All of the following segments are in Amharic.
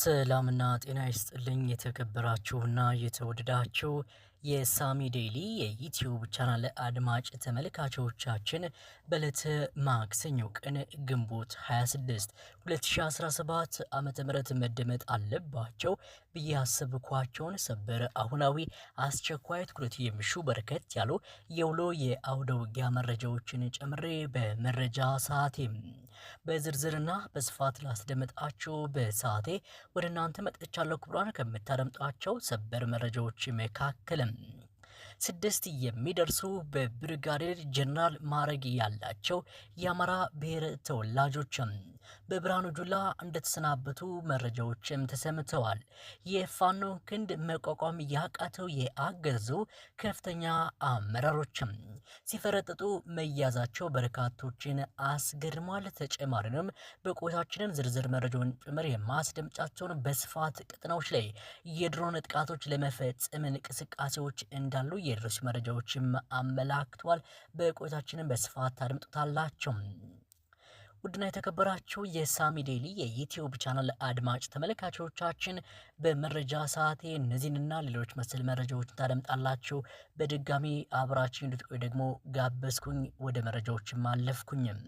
ሰላምና ጤና ይስጥልኝ የተከበራችሁና የተወደዳችሁ የሳሚ ዴይሊ የዩትዩብ ቻናል አድማጭ ተመልካቾቻችን በዕለተ ማክሰኞ ቀን ግንቦት 26 2017 ዓ ም መደመጥ አለባቸው ብዬ ያሰብኳቸውን ሰበር፣ አሁናዊ፣ አስቸኳይ ትኩረት የሚሹ በርከት ያሉ የውሎ የአውደ ውጊያ መረጃዎችን ጨምሬ በመረጃ ሰዓቴ በዝርዝርና በስፋት ላስደመጣችሁ በሰዓቴ ወደ እናንተ መጥቻለሁ። ክቡራን ከምታደምጧቸው ሰበር መረጃዎች መካከልም ስድስት የሚደርሱ በብርጋዴር ጀነራል ማዕረግ ያላቸው የአማራ ብሔር ተወላጆችም በብርሃኑ ጁላ እንደተሰናበቱ መረጃዎችም ተሰምተዋል። የፋኖ ክንድ መቋቋም ያቃተው የአገዙ ከፍተኛ አመራሮችም ሲፈረጥጡ መያዛቸው በርካቶችን አስገድሟል። ተጨማሪንም በቆይታችንን ዝርዝር መረጃውን ጭምር የማስደምጫቸውን በስፋት ቀጠናዎች ላይ የድሮን ጥቃቶች ለመፈጸም እንቅስቃሴዎች እንዳሉ የደረሱ መረጃዎችም አመላክተዋል። በቆይታችንን በስፋት ታድምጡታላቸው። ውድና የተከበራችሁ የሳሚ ዴሊ የዩትዩብ ቻናል አድማጭ ተመልካቾቻችን በመረጃ ሰዓቴ እነዚህንና ሌሎች መሰል መረጃዎችን ታደምጣላችሁ። በድጋሚ አብራችን እንድትቆይ ደግሞ ጋበዝኩኝ። ወደ መረጃዎችም አለፍኩኝም።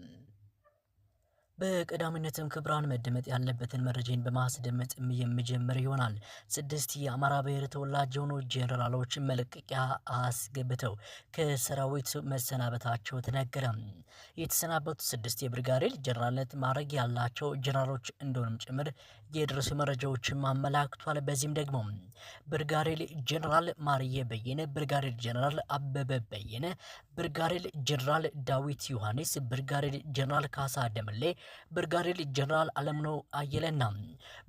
በቀዳሚነትም ክብራን መደመጥ ያለበትን መረጃን በማስደመጥ የሚጀምር ይሆናል። ስድስት የአማራ ብሔር ተወላጅ የሆኑ ጄኔራሎች መለቀቂያ አስገብተው ከሰራዊት መሰናበታቸው ተነገረ። የተሰናበቱ ስድስት የብርጋዴር ጄኔራልነት ማድረግ ያላቸው ጄኔራሎች እንደሆንም ጭምር የደረሱ መረጃዎችን አመላክቷል። በዚህም ደግሞ ብርጋዴር ጄኔራል ማርየ በየነ፣ ብርጋዴር ጄኔራል አበበ በየነ፣ ብርጋዴር ጄኔራል ዳዊት ዮሐንስ፣ ብርጋዴር ጄኔራል ካሳ ደምሌ ብርጋዴር ጀነራል አለምነው አየለና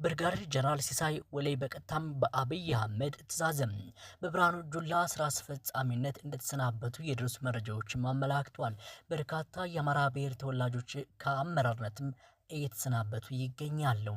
ብርጋዴር ጀነራል ሲሳይ ወሌ በቀጥታም በአብይ አህመድ ትእዛዝም በብርሃኑ ጁላ ስራ አስፈጻሚነት እንደተሰናበቱ የደረሱ መረጃዎችም አመላክቷል። በርካታ የአማራ ብሔር ተወላጆች ከአመራርነትም እየተሰናበቱ ይገኛሉ።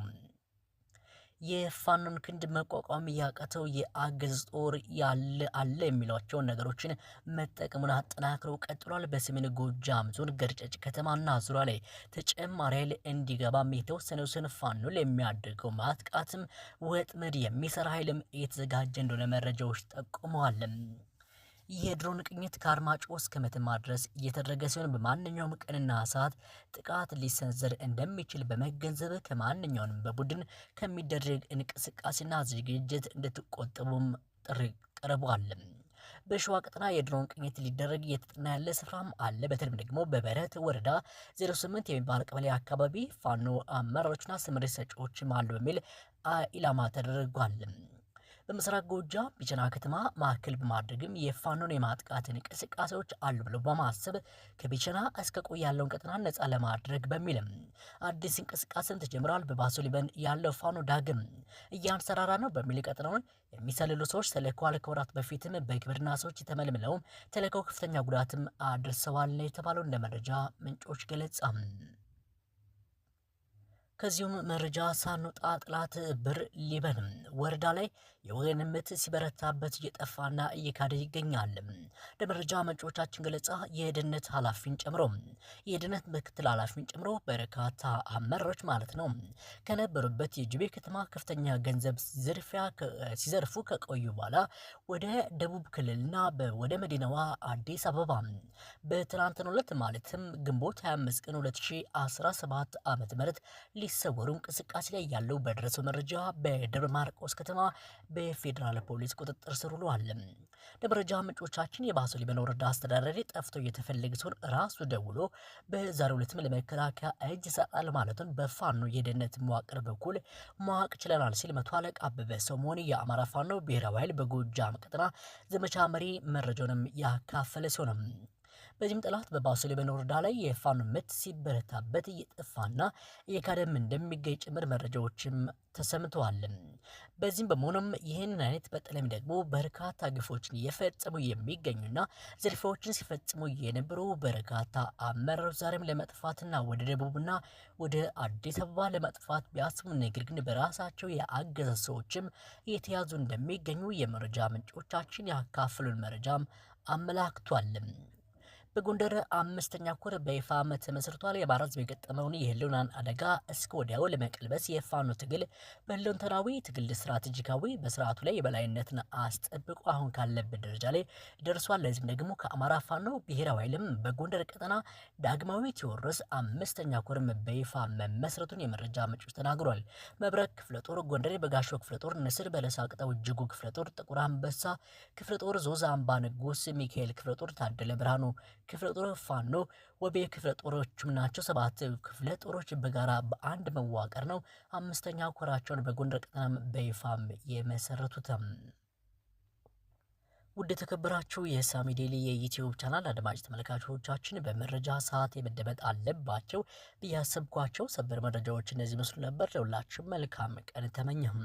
የፋኖን ክንድ መቋቋም ያቃተው የአገዝ ጦር ያለ አለ የሚሏቸውን ነገሮችን መጠቀሙን አጠናክረው ቀጥሏል። በሰሜን ጎጃም ዞን ገርጨጭ ከተማና ዙሪያ ላይ ተጨማሪ ኃይል እንዲገባም የተወሰነውን ፋኖ የሚያደርገው ማጥቃትም ወጥመድ የሚሰራ ኃይልም እየተዘጋጀ እንደሆነ መረጃዎች ጠቁመዋል። የድሮን ቅኝት ከአርማጭሆ እስከ መተማ ድረስ እየተደረገ ሲሆን በማንኛውም ቀንና ሰዓት ጥቃት ሊሰነዘር እንደሚችል በመገንዘብ ከማንኛውንም በቡድን ከሚደረግ እንቅስቃሴና ዝግጅት እንድትቆጠቡም ጥሪ ቀርቧል። በሸዋ ቀጠና የድሮን ቅኝት ሊደረግ እየተጠና ያለ ስፍራም አለ። በተለይም ደግሞ በበረት ወረዳ 08 የሚባል ቀበሌ አካባቢ ፋኖ አመራሮችና ስምሪት ሰጪዎችም አሉ በሚል ኢላማ ተደርጓል። በምስራቅ ጎጃም ቢቸና ከተማ ማዕከል በማድረግም የፋኖን የማጥቃት እንቅስቃሴዎች አሉ ብሎ በማሰብ ከቢቸና እስከ ቆይ ያለውን ቀጠና ነጻ ለማድረግ በሚልም አዲስ እንቅስቃሴን ተጀምሯል። በባሶ ሊበን ያለው ፋኖ ዳግም እያንሰራራ ነው በሚል ቀጠናውን የሚሰልሉ ሰዎች ተልከዋል። ከወራት በፊትም በግብርና ሰዎች የተመልምለውም ተልከው ከፍተኛ ጉዳትም አድርሰዋል ነው የተባለው እንደ መረጃ ምንጮች ገለጻ። ከዚሁም መረጃ ሳንወጣ ጥላት ብር ሊበንም ወረዳ ላይ የወገን ምት ሲበረታበት እየጠፋና እየካደ ይገኛል። ለመረጃ ምንጮቻችን ገለጻ የደህንነት ኃላፊን ጨምሮ የደህንነት ምክትል ኃላፊን ጨምሮ በርካታ አመራሮች ማለት ነው ከነበሩበት የጅቤ ከተማ ከፍተኛ ገንዘብ ዝርፊያ ሲዘርፉ ከቆዩ በኋላ ወደ ደቡብ ክልልና ወደ መዲናዋ አዲስ አበባ በትናንትናው ዕለት ማለትም ግንቦት 25 ቀን 2017 ዓ ም ሊሰወሩ እንቅስቃሴ ላይ ያለው በደረሰው መረጃ በደብረ ማርቆስ ቂርቆስ ከተማ በፌዴራል ፖሊስ ቁጥጥር ስር ውሏል። ለመረጃ ምንጮቻችን የባሶ ሊበን ወረዳ አስተዳዳሪ ጠፍቶ እየተፈለገ ሲሆን ራሱ ደውሎ በዛሬው ዕለትም ለመከላከያ እጅ ይሰጣል ማለቱን በፋኖ የደህንነት መዋቅር በኩል ማወቅ ችለናል ሲል መቶ አለቃ አበበ ሰሞን የአማራ ፋኖ ብሔራዊ ኃይል በጎጃም ቀጠና ዘመቻ መሪ መረጃውንም ያካፈለ ሲሆንም በዚህም ጠላት በባሶሊበን ወረዳ ላይ የፋኖ ምት ሲበረታበት እየጠፋና እየካደም እንደሚገኝ ጭምር መረጃዎችም ተሰምተዋል። በዚህም በመሆኑም ይህን አይነት በጠለም ደግሞ በርካታ ግፎችን እየፈጸሙ የሚገኙና ዝርፊያዎችን ሲፈጽሙ የነበሩ በርካታ አመራሮች ዛሬም ለመጥፋትና ወደ ደቡብና ወደ አዲስ አበባ ለመጥፋት ቢያስቡ ነገር ግን በራሳቸው የአገዛዝ ሰዎችም እየተያዙ እንደሚገኙ የመረጃ ምንጮቻችን ያካፍሉን መረጃም አመላክቷል። በጎንደር አምስተኛ ኮር በይፋ ተመስርቷል። የአማራ የገጠመውን የህልውናን አደጋ እስከ ወዲያው ለመቀልበስ የፋኖ ትግል በሁለንተናዊ ትግል ስትራቴጂካዊ በስርዓቱ ላይ የበላይነትን አስጠብቆ አሁን ካለበት ደረጃ ላይ ደርሷል። ለዚህም ደግሞ ከአማራ ፋኖ ብሔራዊ ኃይልም በጎንደር ቀጠና ዳግማዊ ቴዎድሮስ አምስተኛ ኮርም በይፋ መመስረቱን የመረጃ ምንጮች ተናግሯል። መብረቅ ክፍለ ጦር ጎንደር፣ በጋሾ ክፍለ ጦር፣ ንስር በለሳ ቅጠው፣ እጅጉ ክፍለ ጦር፣ ጥቁር አንበሳ ክፍለ ጦር፣ ዞዛ አምባ ንጉስ ሚካኤል ክፍለ ጦር፣ ታደለ ብርሃኑ ክፍለ ጦር ፋኖ ወቤ ክፍለ ጦሮችም ናቸው። ሰባት ክፍለ ጦሮች በጋራ በአንድ መዋቀር ነው አምስተኛ ኮራቸውን በጎንደር ቀጠናም በይፋም የመሰረቱትም። ውድ የተከበራችሁ የሳሚ ዴሊ የዩቲዩብ ቻናል አድማጭ ተመልካቾቻችን በመረጃ ሰዓት የመደመጥ አለባቸው ብያሰብኳቸው ሰበር መረጃዎች እነዚህ መስሉ ነበር። ለሁላችሁ መልካም ቀን ተመኘሁም።